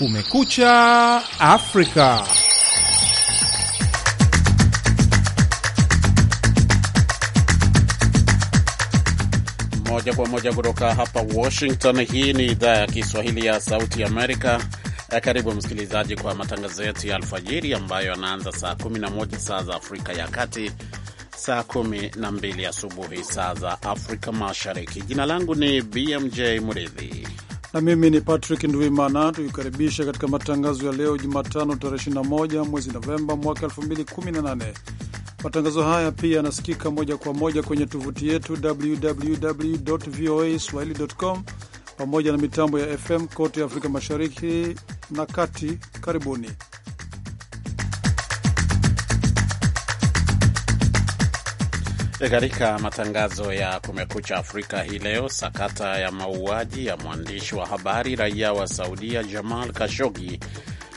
Kumekucha Afrika. Moja kwa moja kutoka hapa Washington. Hii ni idhaa ya Kiswahili ya Sauti Amerika. Eh, karibu msikilizaji kwa matangazo yetu ya alfajiri ambayo yanaanza saa 11 saa za Afrika ya Kati, saa 12 asubuhi saa za Afrika Mashariki. Jina langu ni BMJ Muridhi na mimi ni Patrick Nduimana. Tukikaribisha katika matangazo ya leo Jumatano, tarehe 21 mwezi Novemba mwaka 2018. Matangazo haya pia yanasikika moja kwa moja kwenye tovuti yetu www voa swahili com, pamoja na mitambo ya FM kote Afrika mashariki na kati. Karibuni. Katika matangazo ya Kumekucha Afrika hii leo, sakata ya mauaji ya mwandishi wa habari raia wa Saudia Jamal kashogi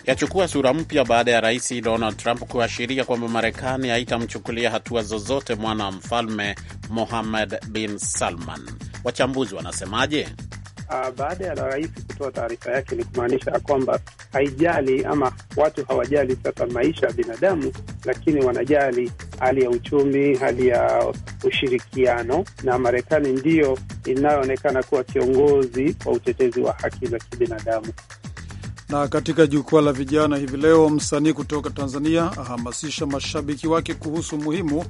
yachukua sura mpya baada ya rais Donald Trump kuashiria kwamba Marekani haitamchukulia hatua zozote mwana wa mfalme Mohammed bin Salman. Wachambuzi wanasemaje? uh, baada ya rais kutoa taarifa yake ni kumaanisha ya kwamba haijali ama watu hawajali sasa maisha ya binadamu, lakini wanajali hali ya uchumi, hali ya ushirikiano, na Marekani ndiyo inayoonekana kuwa kiongozi wa utetezi wa haki za kibinadamu. Na katika jukwaa la vijana hivi leo, msanii kutoka Tanzania ahamasisha mashabiki wake kuhusu umuhimu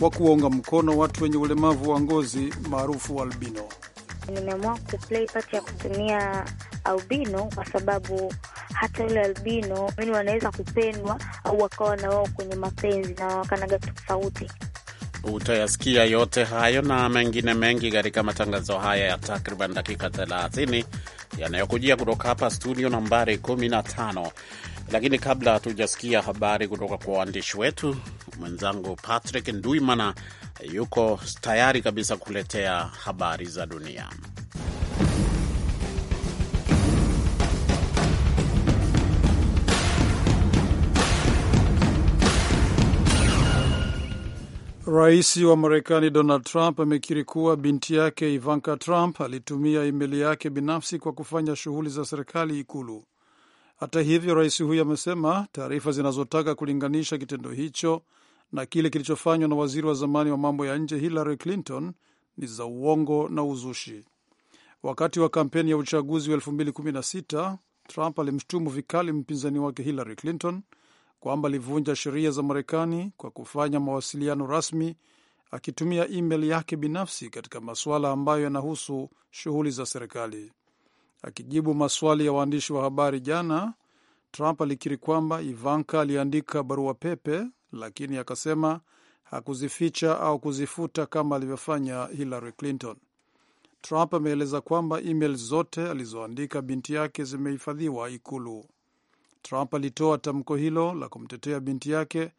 wa kuwaunga mkono watu wenye ulemavu wa ngozi maarufu albino nimeamua kuplay pati ya kutumia albino kwa sababu hata yule albino mini wanaweza kupendwa au wakawa na wao kwenye mapenzi na wakanaga tofauti. Utayasikia yote hayo na mengine mengi katika matangazo haya ya takriban dakika 30 yanayokujia kutoka hapa studio nambari 15. Lakini kabla hatujasikia habari kutoka kwa waandishi wetu, Mwenzangu Patrick nduimana yuko tayari kabisa kuletea habari za dunia. Rais wa Marekani Donald Trump amekiri kuwa binti yake Ivanka Trump alitumia imeli yake binafsi kwa kufanya shughuli za serikali Ikulu. Hata hivyo, rais huyo amesema taarifa zinazotaka kulinganisha kitendo hicho na kile kilichofanywa na waziri wa zamani wa mambo ya nje Hillary Clinton ni za uongo na uzushi. Wakati wa kampeni ya uchaguzi wa 2016 Trump alimshutumu vikali mpinzani wake Hillary Clinton kwamba alivunja sheria za Marekani kwa kufanya mawasiliano rasmi akitumia email yake binafsi katika masuala ambayo yanahusu shughuli za serikali. Akijibu maswali ya waandishi wa habari jana, Trump alikiri kwamba Ivanka aliandika barua pepe lakini akasema hakuzificha au kuzifuta kama alivyofanya Hillary Clinton. Trump ameeleza kwamba email zote alizoandika binti yake zimehifadhiwa Ikulu. Trump alitoa tamko hilo la kumtetea binti yake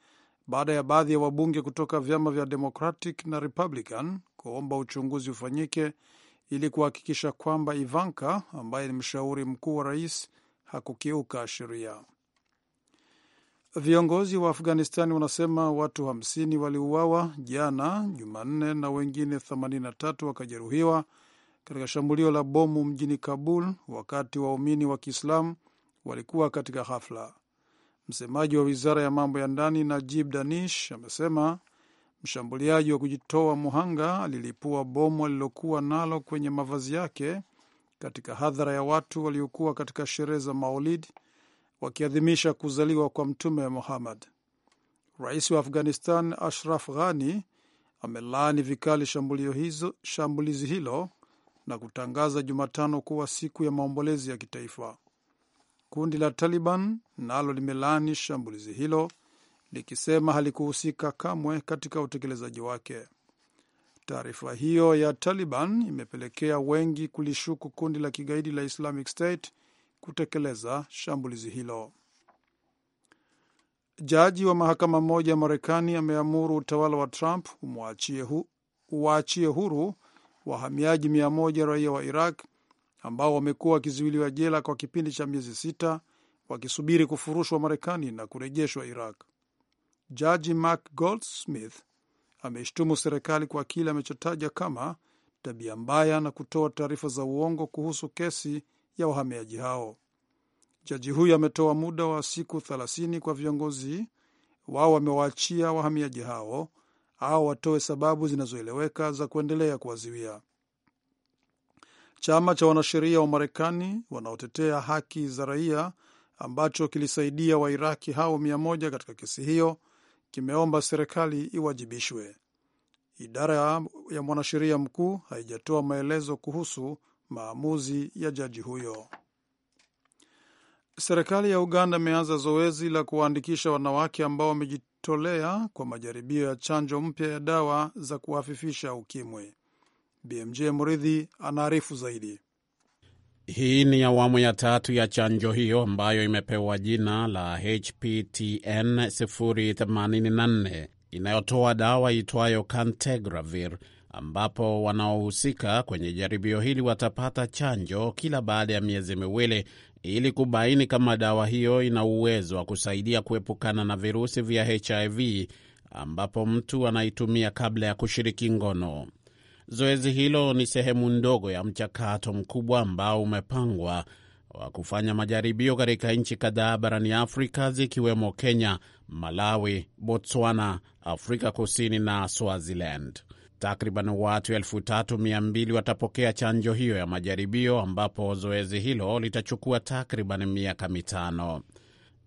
baada ya baadhi ya wabunge kutoka vyama vya Democratic na Republican kuomba uchunguzi ufanyike ili kuhakikisha kwamba Ivanka ambaye ni mshauri mkuu wa rais hakukiuka sheria. Viongozi wa afghanistani wanasema watu 50 waliuawa jana Jumanne na wengine 83 wakajeruhiwa katika shambulio la bomu mjini Kabul wakati waumini wa Kiislamu walikuwa katika hafla. Msemaji wa wizara ya mambo ya ndani Najib Danish amesema mshambuliaji wa kujitoa muhanga alilipua bomu alilokuwa nalo kwenye mavazi yake katika hadhara ya watu waliokuwa katika sherehe za maolid wakiadhimisha kuzaliwa kwa Mtume Muhammad. Rais wa Afghanistan Ashraf Ghani amelaani vikali shambulio hizo, shambulizi hilo na kutangaza Jumatano kuwa siku ya maombolezi ya kitaifa. Kundi la Taliban nalo limelaani shambulizi hilo likisema halikuhusika kamwe katika utekelezaji wake. Taarifa hiyo ya Taliban imepelekea wengi kulishuku kundi la kigaidi la Islamic State kutekeleza shambulizi hilo. Jaji wa mahakama moja ya Marekani ameamuru utawala wa Trump hu, uwaachie huru wahamiaji mia moja raia wa Iraq ambao wamekuwa wakizuiliwa jela kwa kipindi cha miezi sita wakisubiri kufurushwa Marekani na kurejeshwa Iraq. Jaji Mark Goldsmith ameshtumu serikali kwa kile amechotaja kama tabia mbaya na kutoa taarifa za uongo kuhusu kesi ya wahamiaji hao. Jaji huyo ametoa muda wa siku thelathini kwa viongozi wao wamewaachia wahamiaji hao au watoe sababu zinazoeleweka za kuendelea kuwaziwia Chama cha wanasheria wa Marekani wanaotetea haki za raia ambacho kilisaidia Wairaki hao mia moja katika kesi hiyo kimeomba serikali iwajibishwe. Idara ya mwanasheria mkuu haijatoa maelezo kuhusu maamuzi ya jaji huyo. Serikali ya Uganda imeanza zoezi la kuwaandikisha wanawake ambao wamejitolea kwa majaribio ya chanjo mpya ya dawa za kuhafifisha ukimwi. BMJ Mridhi anaarifu zaidi. Hii ni awamu ya tatu ya chanjo hiyo ambayo imepewa jina la HPTN 084 inayotoa dawa itwayo Cantegravir ambapo wanaohusika kwenye jaribio hili watapata chanjo kila baada ya miezi miwili ili kubaini kama dawa hiyo ina uwezo wa kusaidia kuepukana na virusi vya HIV ambapo mtu anaitumia kabla ya kushiriki ngono. Zoezi hilo ni sehemu ndogo ya mchakato mkubwa ambao umepangwa wa kufanya majaribio katika nchi kadhaa barani Afrika zikiwemo Kenya, Malawi, Botswana, Afrika Kusini na Swaziland. Takriban watu elfu tatu mia mbili watapokea chanjo hiyo ya majaribio ambapo zoezi hilo litachukua takriban miaka mitano.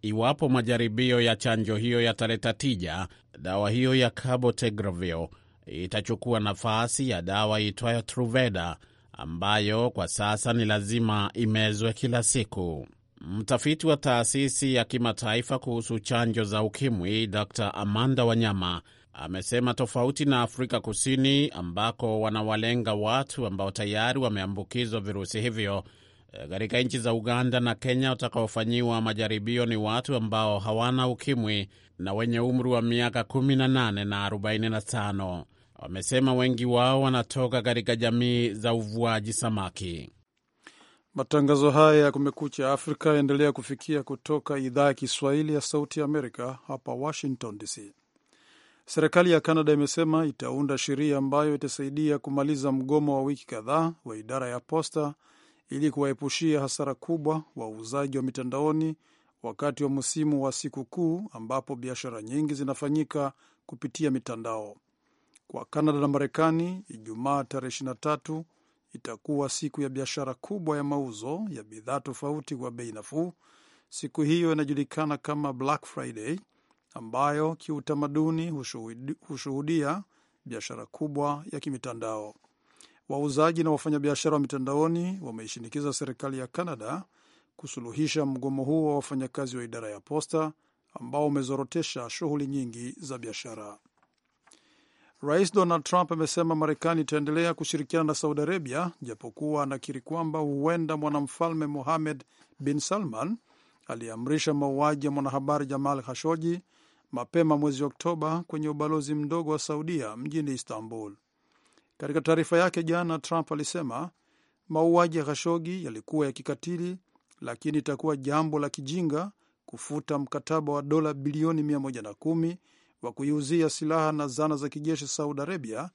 Iwapo majaribio ya chanjo hiyo yataleta tija, dawa hiyo ya cabotegravir itachukua nafasi ya dawa iitwayo truveda ambayo kwa sasa ni lazima imezwe kila siku. Mtafiti wa taasisi ya kimataifa kuhusu chanjo za ukimwi Dr Amanda Wanyama amesema tofauti na Afrika Kusini ambako wanawalenga watu ambao tayari wameambukizwa virusi hivyo, eh, katika nchi za Uganda na Kenya watakaofanyiwa majaribio ni watu ambao hawana ukimwi na wenye umri wa miaka 18 na 45. Wamesema wengi wao wanatoka katika jamii za uvuaji samaki. Matangazo haya ya Kumekucha Afrika yaendelea kufikia kutoka idhaa ya Kiswahili ya Sauti ya Amerika hapa Washington DC. Serikali ya Kanada imesema itaunda sheria ambayo itasaidia kumaliza mgomo wa wiki kadhaa wa idara ya posta ili kuwaepushia hasara kubwa wauzaji wa mitandaoni wakati wa msimu wa sikukuu ambapo biashara nyingi zinafanyika kupitia mitandao. Kwa Kanada na Marekani, Ijumaa tarehe 23 itakuwa siku ya biashara kubwa ya mauzo ya bidhaa tofauti kwa bei nafuu. Siku hiyo inajulikana kama Black Friday ambayo kiutamaduni hushuhudia biashara kubwa ya kimitandao. Wauzaji na wafanyabiashara wa mitandaoni wameishinikiza serikali ya Canada kusuluhisha mgomo huo wa wafanyakazi wa idara ya posta ambao umezorotesha shughuli nyingi za biashara. Rais Donald Trump amesema Marekani itaendelea kushirikiana na Saudi Arabia, japokuwa anakiri kwamba huenda mwanamfalme Mohammed bin Salman aliyeamrisha mauaji ya mwanahabari Jamal Khashoggi mapema mwezi Oktoba kwenye ubalozi mdogo wa Saudia mjini Istanbul. Katika taarifa yake jana, Trump alisema mauaji ya Khashogi yalikuwa ya kikatili, lakini itakuwa jambo la kijinga kufuta mkataba wa dola bilioni 110 wa kuiuzia silaha na zana za kijeshi Saudi Arabia,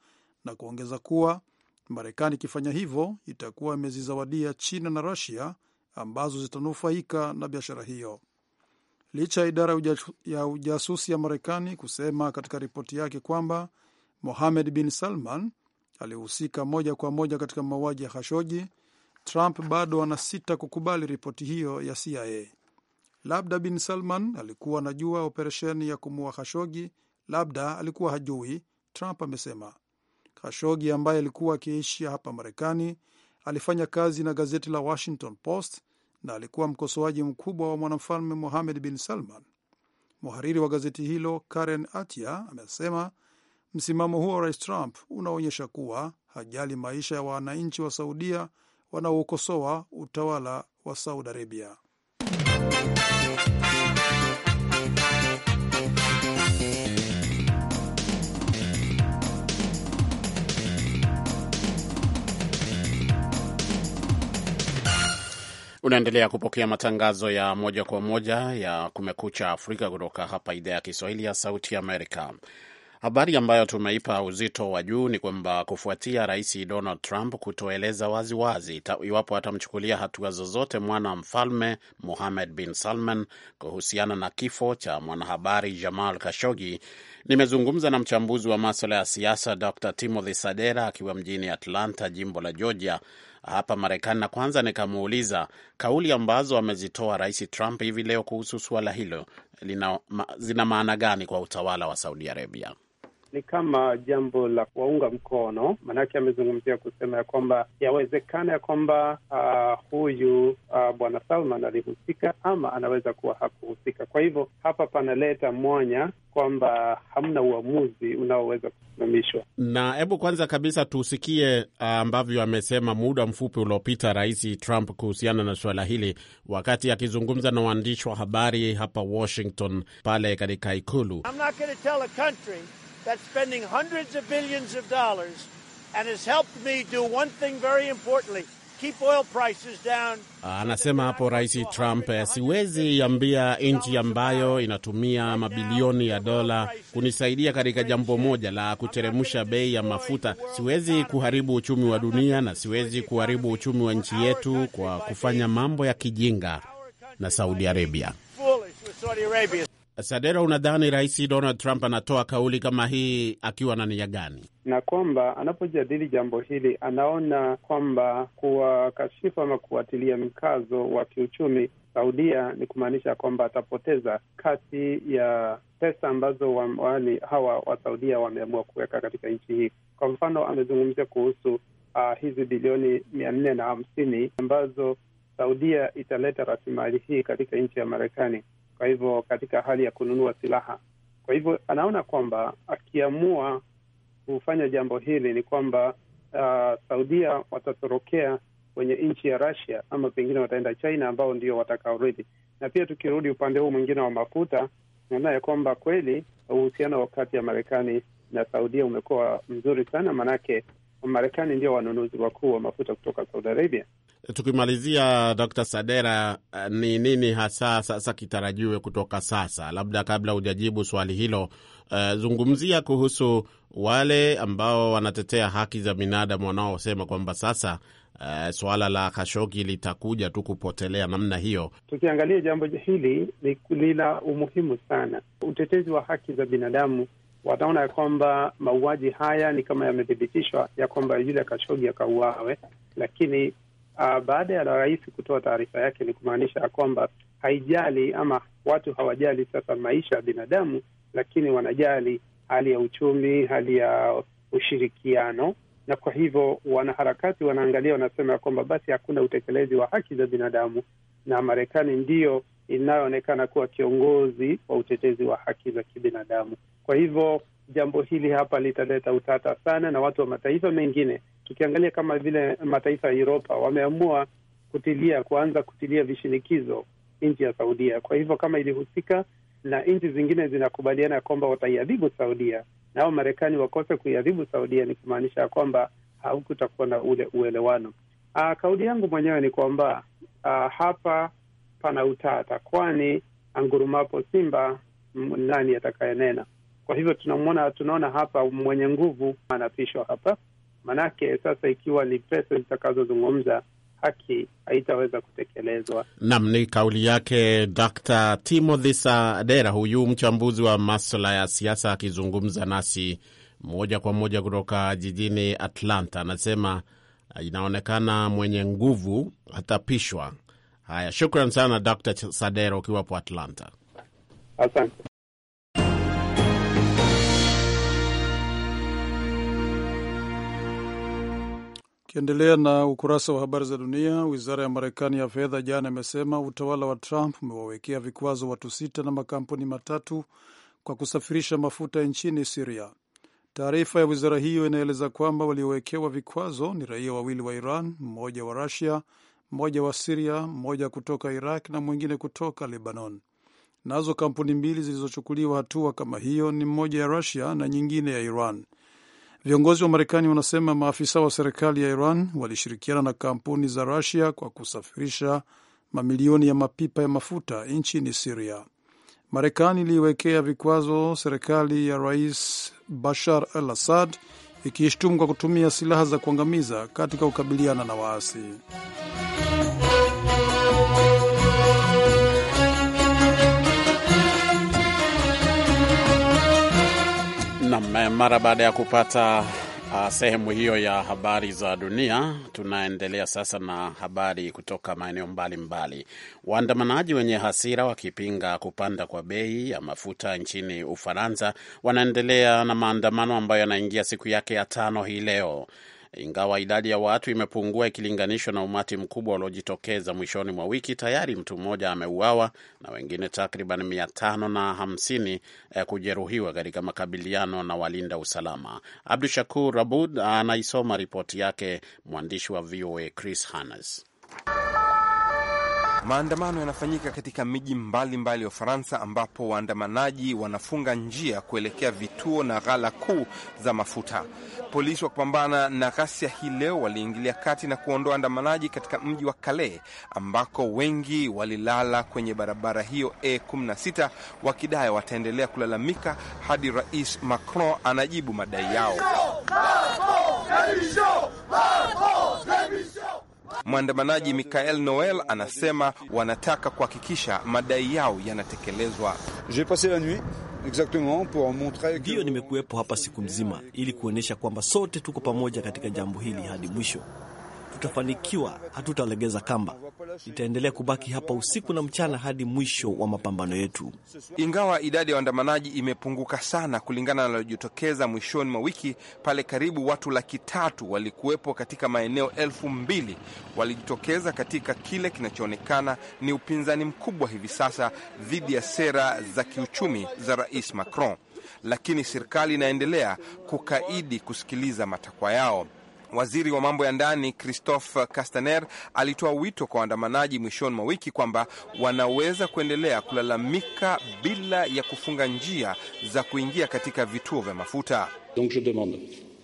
na kuongeza kuwa Marekani ikifanya hivyo itakuwa imezizawadia China na Rusia ambazo zitanufaika na biashara hiyo licha ya idara ya ujasusi ya Marekani kusema katika ripoti yake kwamba Mohamed bin Salman alihusika moja kwa moja katika mauaji ya Khashoji. Trump bado anasita kukubali ripoti hiyo ya CIA. Labda bin Salman alikuwa anajua operesheni ya kumuua Khashogi, labda alikuwa hajui, Trump amesema. Khashogi ambaye alikuwa akiishi hapa Marekani alifanya kazi na gazeti la Washington Post na alikuwa mkosoaji mkubwa wa mwanamfalme Mohamed bin Salman. Mhariri wa gazeti hilo Karen Atia amesema msimamo huo wa rais Trump unaonyesha kuwa hajali maisha ya wananchi wa Saudia wanaokosoa utawala wa Saudi Arabia. Unaendelea kupokea matangazo ya moja kwa moja ya Kumekucha Afrika kutoka hapa idhaa ya Kiswahili ya Sauti Amerika. Habari ambayo tumeipa uzito wa juu ni kwamba kufuatia Rais Donald Trump kutoeleza waziwazi iwapo atamchukulia hatua zozote mwana mfalme Muhamed bin Salman kuhusiana na kifo cha mwanahabari Jamal kashogi nimezungumza na mchambuzi wa maswala ya siasa Dr Timothy Sadera akiwa mjini Atlanta, jimbo la Georgia, hapa Marekani, na kwanza nikamuuliza kauli ambazo amezitoa Rais Trump hivi leo kuhusu suala hilo lina, ma, zina maana gani kwa utawala wa Saudi Arabia? ni kama jambo la kuwaunga mkono, maanake amezungumzia kusema ya kwamba yawezekana ya kwamba uh, huyu uh, bwana Salman alihusika ama anaweza kuwa hakuhusika. Kwa hivyo hapa panaleta mwanya kwamba hamna uamuzi unaoweza kusimamishwa. Na hebu kwanza kabisa tusikie ah, ambavyo amesema muda mfupi uliopita Rais Trump kuhusiana na suala hili, wakati akizungumza na waandishi wa habari hapa Washington pale katika Ikulu. I'm not that's spending hundreds of billions of dollars and has helped me do one thing very importantly. Keep oil prices down. Ah, anasema hapo Rais Trump, eh, siwezi ambia nchi ambayo inatumia mabilioni ya dola kunisaidia katika jambo moja la kuteremsha bei ya mafuta. Siwezi kuharibu uchumi wa dunia na siwezi kuharibu uchumi wa nchi yetu kwa kufanya mambo ya kijinga na Saudi Arabia. Sadera, unadhani Rais Donald Trump anatoa kauli kama hii akiwa na nia gani? Na kwamba anapojadili jambo hili anaona kwamba kuwakashifu ama kuwatilia mkazo wa kiuchumi Saudia ni kumaanisha kwamba atapoteza kati ya pesa ambazo wani hawa wasaudia wameamua kuweka katika nchi hii. Kwa mfano, amezungumzia kuhusu uh, hizi bilioni mia nne na hamsini ambazo Saudia italeta rasilimali hii katika nchi ya Marekani kwa hivyo katika hali ya kununua silaha. Kwa hivyo anaona kwamba akiamua kufanya jambo hili ni kwamba uh, Saudia watatorokea kwenye nchi ya Russia ama pengine wataenda China ambao ndio watakaorithi. Na pia tukirudi upande huu mwingine wa mafuta, naona ya kwamba kweli uhusiano kati ya Marekani na Saudia umekuwa mzuri sana, maanake Marekani ndio wanunuzi wakuu wa mafuta kutoka Saudi Arabia tukimalizia, Dr. Sadera, eh, ni nini hasa sasa kitarajiwe kutoka sasa? Labda kabla hujajibu swali hilo, uh, zungumzia kuhusu wale ambao wanatetea haki za binadamu wanaosema kwamba sasa Uh, swala la Khashogi litakuja tu kupotelea namna hiyo. Tukiangalia jambo hili ni la umuhimu sana, utetezi wa haki za binadamu wataona ya kwamba mauaji haya ni kama yamethibitishwa ya kwamba yule Khashogi akauawe, lakini uh, baada ya rais kutoa taarifa yake ni kumaanisha ya kwamba haijali ama watu hawajali sasa maisha ya binadamu, lakini wanajali hali ya uchumi, hali ya ushirikiano, na kwa hivyo wanaharakati wanaangalia, wanasema ya kwamba basi hakuna utekelezi wa haki za binadamu, na Marekani ndiyo inayoonekana kuwa kiongozi wa utetezi wa haki za kibinadamu. Kwa hivyo jambo hili hapa litaleta utata sana, na watu wa mataifa mengine tukiangalia kama vile mataifa ya Uropa wameamua kutilia kuanza kutilia vishinikizo nchi ya Saudia. Kwa hivyo kama ilihusika na nchi zingine zinakubaliana ya kwamba wataiadhibu Saudia nao Marekani wakose kuiadhibu Saudia, ni kumaanisha ya kwamba haukutakuwa na ule uelewano. Aa, ah, kauli yangu mwenyewe ni kwamba ah, hapa pana utata, kwani angurumapo simba nani atakayenena? Kwa hivyo tunamwona, tunaona hapa mwenye nguvu anapishwa hapa Manake sasa ikiwa ni pesa zitakazozungumza haki haitaweza kutekelezwa. Naam, ni kauli yake Dr. Timothy Sadera, huyu mchambuzi wa masuala ya siasa akizungumza nasi moja kwa moja kutoka jijini Atlanta. Anasema inaonekana mwenye nguvu atapishwa. Haya, shukran sana Dr. Sadera ukiwapo Atlanta. Asante. Ukiendelea na ukurasa wa habari za dunia, wizara ya Marekani ya fedha jana imesema utawala wa Trump umewawekea vikwazo watu sita na makampuni matatu kwa kusafirisha mafuta nchini Siria. Taarifa ya wizara hiyo inaeleza kwamba waliowekewa vikwazo ni raia wawili wa Iran, mmoja wa Rusia, mmoja wa Siria, mmoja kutoka Iraq na mwingine kutoka Lebanon. Nazo kampuni mbili zilizochukuliwa hatua kama hiyo ni mmoja ya Rusia na nyingine ya Iran. Viongozi wa Marekani wanasema maafisa wa serikali ya Iran walishirikiana na kampuni za Rusia kwa kusafirisha mamilioni ya mapipa ya mafuta nchini Siria. Marekani iliiwekea vikwazo serikali ya Rais Bashar al Assad, ikishtumu kwa kutumia silaha za kuangamiza katika kukabiliana na waasi. Mara baada ya kupata uh, sehemu hiyo ya habari za dunia, tunaendelea sasa na habari kutoka maeneo mbalimbali. Waandamanaji wenye hasira wakipinga kupanda kwa bei ya mafuta nchini Ufaransa wanaendelea na maandamano ambayo yanaingia siku yake ya tano hii leo. Ingawa idadi ya watu imepungua ikilinganishwa na umati mkubwa uliojitokeza mwishoni mwa wiki, tayari mtu mmoja ameuawa na wengine takriban mia tano na hamsini eh, kujeruhiwa katika makabiliano na walinda usalama. Abdu Shakur Abud anaisoma ripoti yake mwandishi wa VOA Chris Hannes. Maandamano yanafanyika katika miji mbalimbali ya Ufaransa ambapo waandamanaji wanafunga njia kuelekea vituo na ghala kuu za mafuta. Polisi wa kupambana na ghasia hii leo waliingilia kati na kuondoa waandamanaji katika mji wa Calais ambako wengi walilala kwenye barabara hiyo A16 wakidai wataendelea kulalamika hadi Rais Macron anajibu madai yao. Macron, Macron, Mwandamanaji Michael Noel anasema wanataka kuhakikisha madai yao yanatekelezwa. Ndiyo, nimekuwepo hapa siku nzima ili kuonyesha kwamba sote tuko pamoja katika jambo hili hadi mwisho hatutafanikiwa, hatutalegeza kamba. Nitaendelea kubaki hapa usiku na mchana hadi mwisho wa mapambano yetu. Ingawa idadi ya waandamanaji imepunguka sana kulingana na yaliyojitokeza mwishoni mwa wiki, pale karibu watu laki tatu walikuwepo katika maeneo elfu mbili walijitokeza katika kile kinachoonekana ni upinzani mkubwa hivi sasa dhidi ya sera za kiuchumi za Rais Macron, lakini serikali inaendelea kukaidi kusikiliza matakwa yao. Waziri wa mambo ya ndani Christophe Castaner alitoa wito kwa waandamanaji mwishoni mwa wiki kwamba wanaweza kuendelea kulalamika bila ya kufunga njia za kuingia katika vituo vya mafuta. Donc je demande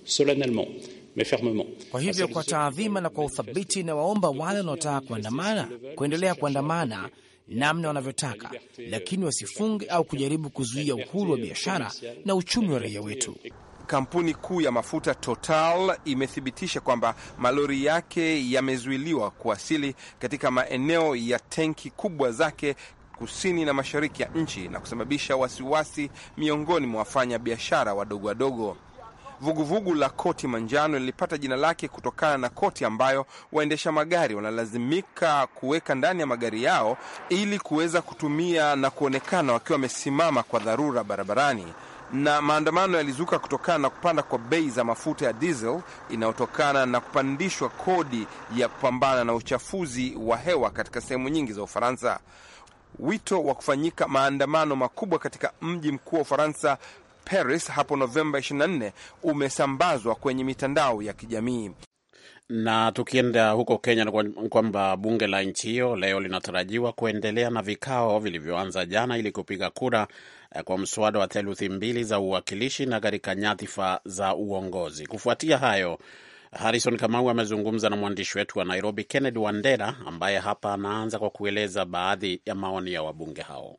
solennellement mais fermement. Kwa hivyo kwa taadhima na kwa uthabiti, na waomba wale wanaotaka kuandamana kuendelea kuandamana namna wanavyotaka, lakini wasifunge au kujaribu kuzuia uhuru wa biashara na uchumi wa raia wetu. Kampuni kuu ya mafuta Total imethibitisha kwamba malori yake yamezuiliwa kuwasili katika maeneo ya tenki kubwa zake kusini na mashariki ya nchi na kusababisha wasiwasi miongoni mwa wafanya biashara wadogo wadogo. Vuguvugu la koti manjano lilipata jina lake kutokana na koti ambayo waendesha magari wanalazimika kuweka ndani ya magari yao ili kuweza kutumia na kuonekana wakiwa wamesimama kwa dharura barabarani na maandamano yalizuka kutokana na kupanda kwa bei za mafuta ya diesel inayotokana na kupandishwa kodi ya kupambana na uchafuzi wa hewa katika sehemu nyingi za Ufaransa. Wito wa kufanyika maandamano makubwa katika mji mkuu wa Ufaransa Paris hapo Novemba 24 umesambazwa kwenye mitandao ya kijamii. Na tukienda huko Kenya, ni kwamba bunge la nchi hiyo leo linatarajiwa kuendelea na vikao vilivyoanza jana ili kupiga kura kwa mswada wa theluthi mbili za uwakilishi na katika nyadhifa za uongozi. Kufuatia hayo, Harrison Kamau amezungumza na mwandishi wetu wa Nairobi Kennedy Wandera ambaye hapa anaanza kwa kueleza baadhi ya maoni ya wabunge hao.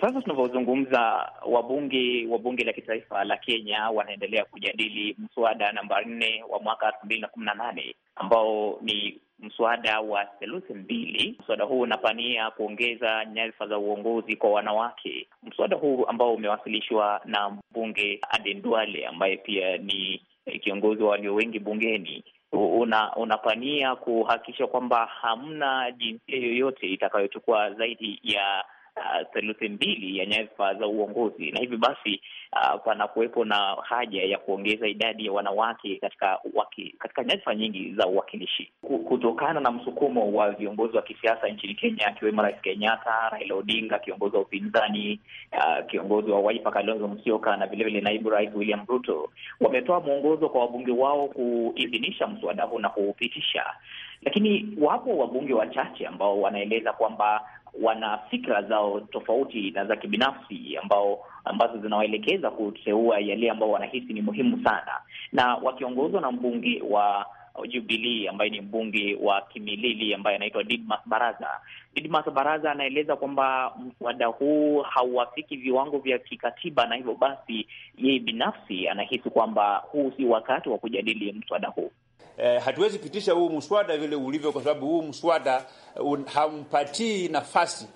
Sasa tunavyozungumza wabunge wa bunge la kitaifa la Kenya wanaendelea kujadili mswada namba nne wa mwaka elfu mbili na kumi na nane ambao ni mswada wa theluthi mbili. Mswada huu unapania kuongeza nyadhifa za uongozi kwa wanawake mswada huu ambao umewasilishwa na mbunge Aden Duale ambaye pia ni eh, kiongozi wa walio wengi bungeni una unapania kuhakikisha kwamba hamna jinsia yoyote itakayochukua zaidi ya theluthi mbili ya nyadhifa za uongozi, na hivyo basi ah, panakuwepo na haja ya kuongeza idadi ya wanawake katika waki, katika nyadhifa nyingi za uwakilishi kutokana na msukumo wa viongozi wa kisiasa nchini Kenya, akiwemo Rais Kenyatta, Raila Odinga kiongozi wa upinzani, uh, kiongozi wa Wiper Kalonzo Musyoka na vilevile naibu rais William Ruto wametoa mwongozo kwa wabunge wao kuidhinisha mswada huu na kuupitisha, lakini wapo wabunge wachache ambao wanaeleza kwamba wana fikra zao tofauti na za kibinafsi ambao ambazo zinawaelekeza kuteua yale ambao wanahisi ni muhimu sana, na wakiongozwa na mbunge wa jubilii ambaye ni mbunge wa Kimilili ambaye anaitwa Didmas Baraza. Didmas Baraza anaeleza kwamba mswada huu hauafiki viwango vya kikatiba, na hivyo basi yeye binafsi anahisi kwamba huu si wakati wa kujadili mswada huu eh, hatuwezi pitisha huu mswada vile ulivyo, kwa sababu huu mswada eh, un, haumpatii nafasi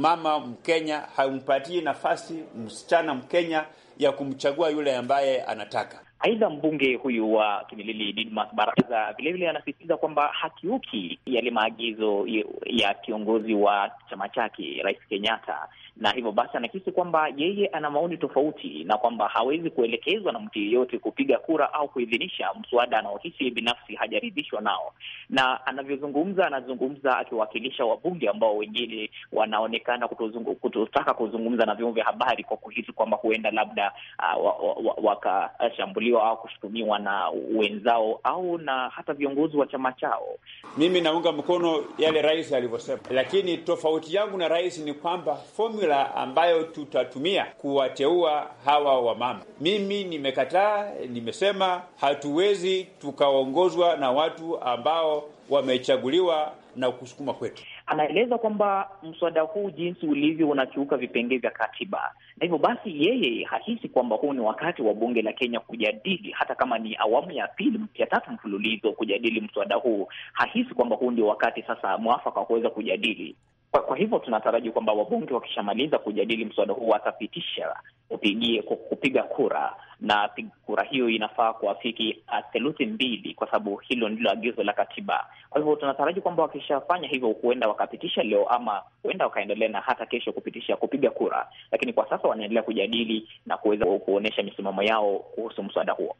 mama Mkenya, haumpatii nafasi msichana Mkenya ya kumchagua yule ambaye anataka. Aidha, mbunge huyu wa Kimilili Didmas Baraza vilevile anasisitiza kwamba hakiuki yale maagizo ya kiongozi wa chama chake Rais Kenyatta na hivyo basi anakisi kwamba yeye ana maoni tofauti na kwamba hawezi kuelekezwa na mtu yeyote kupiga kura au kuidhinisha mswada anaohisi binafsi hajaridhishwa nao. Na anavyozungumza, anazungumza akiwakilisha wabunge ambao wengine wanaonekana kutotaka kuzungumza na vyombo vya habari kwa kuhisi kwamba huenda labda uh, wakashambuliwa wa, wa, au kushutumiwa na wenzao au na hata viongozi wa chama chao. Mimi naunga mkono yale rais alivyosema, lakini tofauti yangu na rais ni kwamba formula fikra ambayo tutatumia kuwateua hawa wamama. Mimi nimekataa, nimesema hatuwezi tukaongozwa na watu ambao wamechaguliwa na kusukuma kwetu. Anaeleza kwamba mswada huu jinsi ulivyo unakiuka vipengee vya katiba, na hivyo basi yeye hahisi kwamba huu ni wakati wa bunge la Kenya kujadili, hata kama ni awamu ya pili ya tatu mfululizo kujadili mswada huu. Hahisi kwamba huu ndio wakati sasa mwafaka wa kuweza kujadili. Kwa, kwa hivyo tunataraji kwamba wabunge wakishamaliza kujadili mswada huu watapitisha upigie kupiga kura, na kura hiyo inafaa kuafiki theluthi mbili, kwa sababu hilo ndilo agizo la katiba. Kwa hivyo tunataraji kwamba wakishafanya hivyo, huenda wakapitisha leo ama huenda wakaendelea na hata kesho kupitisha kupiga kura, lakini kwa sasa wanaendelea kujadili na kuweza kuonyesha misimamo yao kuhusu mswada huo.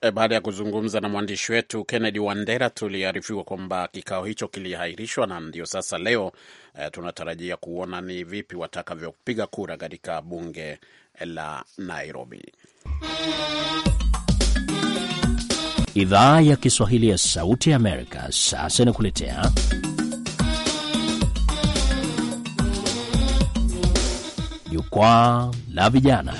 E, baada ya kuzungumza na mwandishi wetu Kennedy Wandera tuliarifiwa kwamba kikao hicho kiliahirishwa na ndio sasa leo e, tunatarajia kuona ni vipi watakavyopiga kura katika bunge la Nairobi. Idhaa ya Kiswahili ya Sauti ya Amerika sasa inakuletea jukwaa la vijana.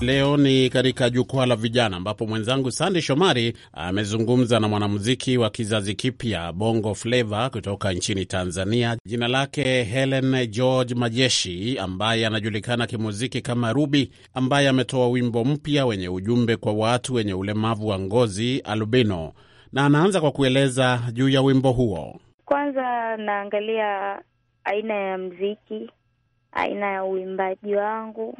Leo ni katika jukwaa la vijana ambapo mwenzangu Sande Shomari amezungumza na mwanamuziki wa kizazi kipya Bongo Flava kutoka nchini Tanzania. Jina lake Helen George Majeshi, ambaye anajulikana kimuziki kama Ruby, ambaye ametoa wimbo mpya wenye ujumbe kwa watu wenye ulemavu wa ngozi albino, na anaanza kwa kueleza juu ya wimbo huo. Kwanza naangalia aina ya mziki, aina ya uimbaji wangu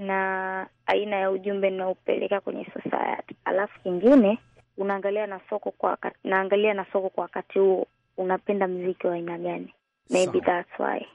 na aina ya ujumbe ninaopeleka kwenye society. Alafu kingine unaangalia na soko kwa wakati, naangalia na soko kwa wakati huo, unapenda mziki wa aina gani? Maybe that's why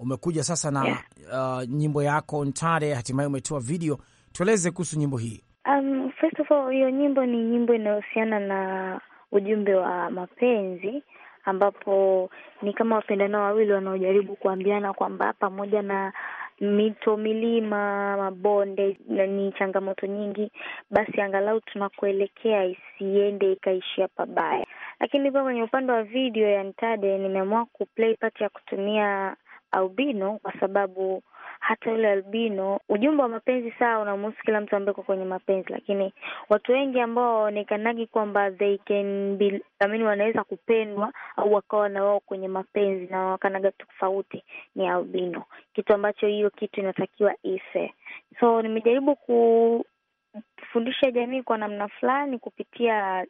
umekuja sasa na yeah. Uh, nyimbo yako Ntare hatimaye umetoa video, tueleze kuhusu nyimbo hii. Um, first of all hiyo nyimbo ni nyimbo inayohusiana na ujumbe wa mapenzi ambapo ni kama wapendanao wawili wanaojaribu kuambiana kwamba pamoja na mito, milima, mabonde na ni changamoto nyingi, basi angalau tunakuelekea isiende ikaishia pabaya. Lakini pia kwenye upande wa video ya Ntade nimeamua kuplay part ya kutumia albino kwa sababu hata yule albino. Ujumbe wa mapenzi sawa unamhusu kila mtu ambaye uko kwenye mapenzi, lakini watu wengi ambao waonekanagi kwamba they can be I mean, wanaweza kupendwa au wakawa na wao kwenye mapenzi na wakanaga tofauti ni albino, kitu ambacho hiyo kitu inatakiwa ife. So nimejaribu kufundisha jamii kwa namna fulani kupitia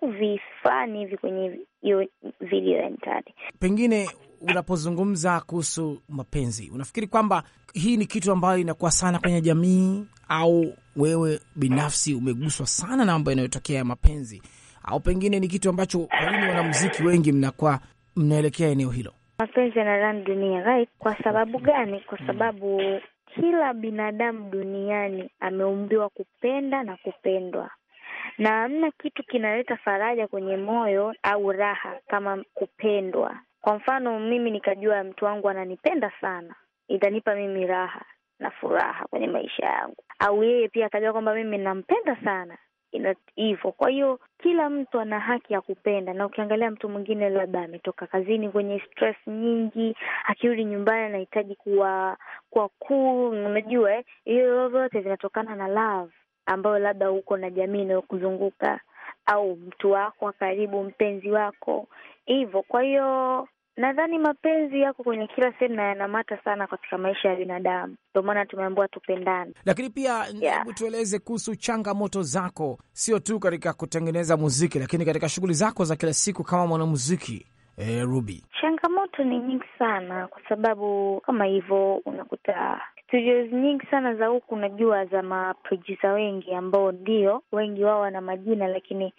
movie fulani hivi kwenye hiyo video ya mtani pengine unapozungumza kuhusu mapenzi, unafikiri kwamba hii ni kitu ambayo inakuwa sana kwenye jamii, au wewe binafsi umeguswa sana na mambo yanayotokea ya mapenzi, au pengine ni kitu ambacho kwanini wanamziki wanamuziki wengi mnakuwa mnaelekea eneo hilo? Mapenzi yanarani dunia, right? Kwa sababu gani? Kwa sababu kila binadamu duniani ameumbiwa kupenda na kupendwa, na hamna kitu kinaleta faraja kwenye moyo au raha kama kupendwa. Kwa mfano mimi nikajua mtu wangu ananipenda sana, itanipa mimi raha na furaha kwenye maisha yangu, au yeye pia akajua kwamba mimi nampenda sana hivyo. Kwa hiyo kila mtu ana haki ya kupenda, na ukiangalia mtu mwingine labda ametoka kazini kwenye stress nyingi, akirudi nyumbani anahitaji kuwa kwa cool, unajua eh, hiyo, vyote vinatokana na love ambayo labda uko na jamii inayokuzunguka au mtu wako wa karibu, mpenzi wako hivyo. Kwa hiyo nadhani mapenzi yako kwenye kila sehemu na yanamata sana katika maisha ya binadamu, ndio maana tumeambiwa tupendane. Lakini pia yeah, tueleze kuhusu changamoto zako, sio tu katika kutengeneza muziki, lakini katika shughuli zako za kila siku kama mwanamuziki. E, Ruby, changamoto ni nyingi sana kwa sababu kama hivyo unakuta Studio nyingi sana za huku najua za maprodusa wengi ambao ndio wengi wao wana majina, lakini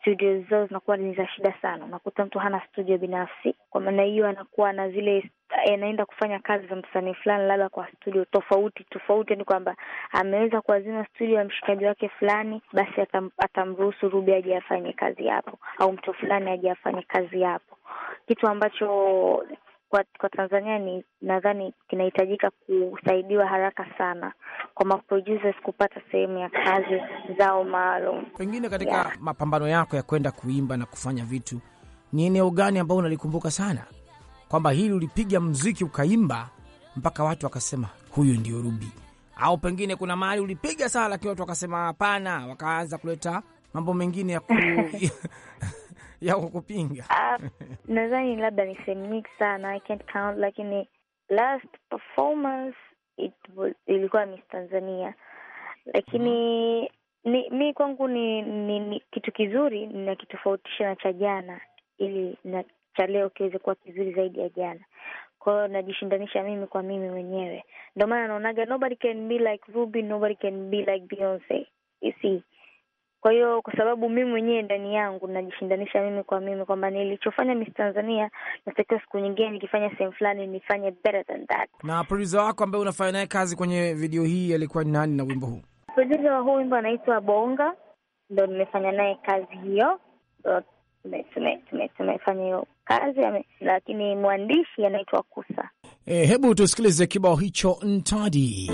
studio zao zinakuwa ni za shida sana. Unakuta mtu hana studio binafsi, kwa maana hiyo anakuwa na zile anaenda kufanya kazi za msanii fulani, labda kwa studio tofauti tofauti. Ni kwamba ameweza kuazima studio ya mshikaji wake fulani, basi atam, atamruhusu rubi aje afanye kazi hapo, au mtu fulani aje afanye kazi hapo, kitu ambacho kwa, kwa Tanzania ni nadhani kinahitajika kusaidiwa haraka sana kwa maproducers kupata sehemu ya kazi zao maalum. Pengine katika yeah, mapambano yako ya kwenda kuimba na kufanya vitu, ni eneo gani ambao unalikumbuka sana kwamba hili ulipiga mziki ukaimba mpaka watu wakasema huyu ndio Ruby? Au pengine kuna mahali ulipiga sana, lakini watu wakasema hapana, wakaanza kuleta mambo mengine ya ku ya kukupinga? Uh, ah, nadhani labda ni sehemu nyingi sana, I can't count, lakini last performance it was, ilikuwa Miss Tanzania, lakini mm-hmm. ni, mi kwangu ni, ni, ni kitu kizuri ninakitofautisha na cha jana ili na cha leo kiweze kuwa kizuri zaidi ya jana. Kwa hiyo najishindanisha mimi kwa mimi mwenyewe, ndio maana naonaga nobody can be like Ruby, nobody can be like Beyonce. You see kwa hiyo kwa sababu mimi mwenyewe ndani yangu najishindanisha mimi kwa mimi kwamba nilichofanya Miss Tanzania natakiwa siku nyingine nikifanya sehemu fulani nifanye better than that. Na producer wako ambaye unafanya naye kazi kwenye video hii alikuwa ni nani na wimbo huu? Producer wa huu wimbo anaitwa Bonga, ndo nimefanya naye kazi hiyo, tumefanya hiyo kazi, lakini mwandishi anaitwa Kusa. Eh, hebu tusikilize kibao hicho Ntadi.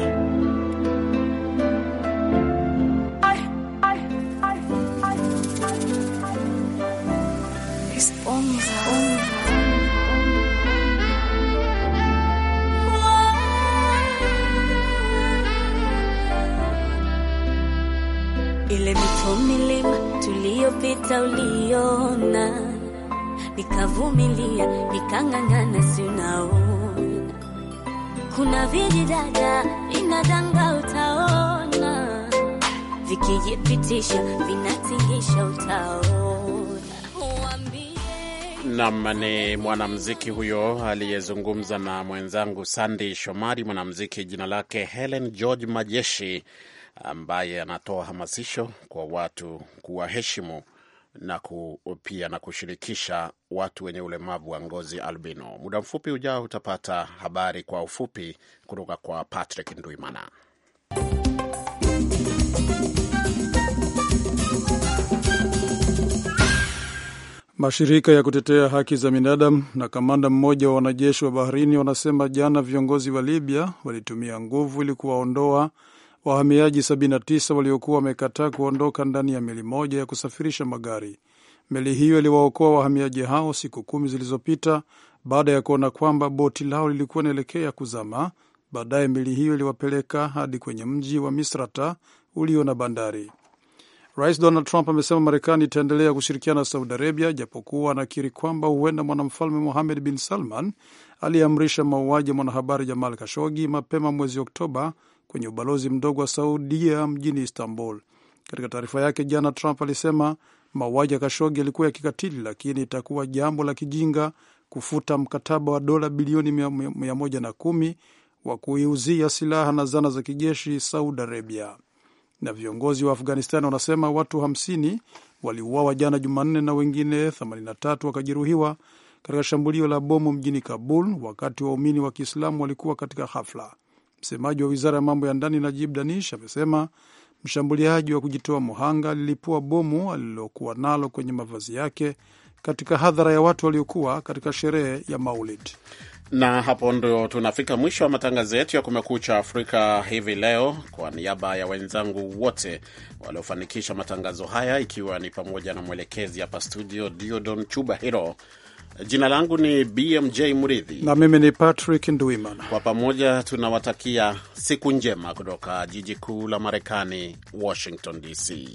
ile mito milima tuliyopita uliona, nikavumilia nikang'ang'ana, si unaona kuna vijidada vinadanga, utaona vikijipitisha vinatingisha, utaona nam. Ni mwanamziki huyo aliyezungumza na mwenzangu Sandy Shomari, mwanamziki jina lake Helen George Majeshi ambaye anatoa hamasisho kwa watu kuwaheshimu na ku, pia na kushirikisha watu wenye ulemavu wa ngozi albino. Muda mfupi ujao utapata habari kwa ufupi kutoka kwa Patrick Nduimana. Mashirika ya kutetea haki za binadamu na kamanda mmoja wa wanajeshi wa baharini wanasema jana viongozi wa Libya walitumia nguvu ili kuwaondoa wahamiaji 79 waliokuwa wamekataa kuondoka ndani ya meli moja ya kusafirisha magari. Meli hiyo iliwaokoa wahamiaji hao siku kumi zilizopita baada ya kuona kwamba boti lao lilikuwa inaelekea kuzama. Baadaye meli hiyo iliwapeleka hadi kwenye mji wa Misrata ulio na bandari. Rais Donald Trump amesema Marekani itaendelea kushirikiana na Saudi Arabia, japokuwa anakiri kwamba huenda mwanamfalme Mohamed bin Salman aliyeamrisha mauaji ya mwanahabari Jamal Kashogi mapema mwezi Oktoba kwenye ubalozi mdogo wa Saudia mjini Istanbul. Katika taarifa yake jana, Trump alisema mauaji ya Kashogi yalikuwa ya kikatili, lakini itakuwa jambo la kijinga kufuta mkataba wa dola bilioni 110 wa kuiuzia silaha na zana za kijeshi Saudi Arabia. Na viongozi wa Afghanistan wanasema watu 50 waliuawa jana Jumanne na wengine 83 wakajeruhiwa katika shambulio la bomu mjini Kabul, wakati waumini wa Kiislamu walikuwa katika hafla. Msemaji wa wizara ya mambo ya ndani Najib Danish amesema mshambuliaji wa kujitoa muhanga alilipua bomu alilokuwa nalo kwenye mavazi yake katika hadhara ya watu waliokuwa katika sherehe ya Maulid. Na hapo ndo tunafika mwisho wa matangazo yetu ya Kumekucha Afrika hivi leo. Kwa niaba ya wenzangu wote waliofanikisha matangazo haya, ikiwa ni pamoja na mwelekezi hapa studio Diodon Chuba Hiro, Jina langu ni BMJ Mridhi na mimi ni Patrick Ndwimana. Kwa pamoja tunawatakia siku njema kutoka jiji kuu la Marekani, Washington DC.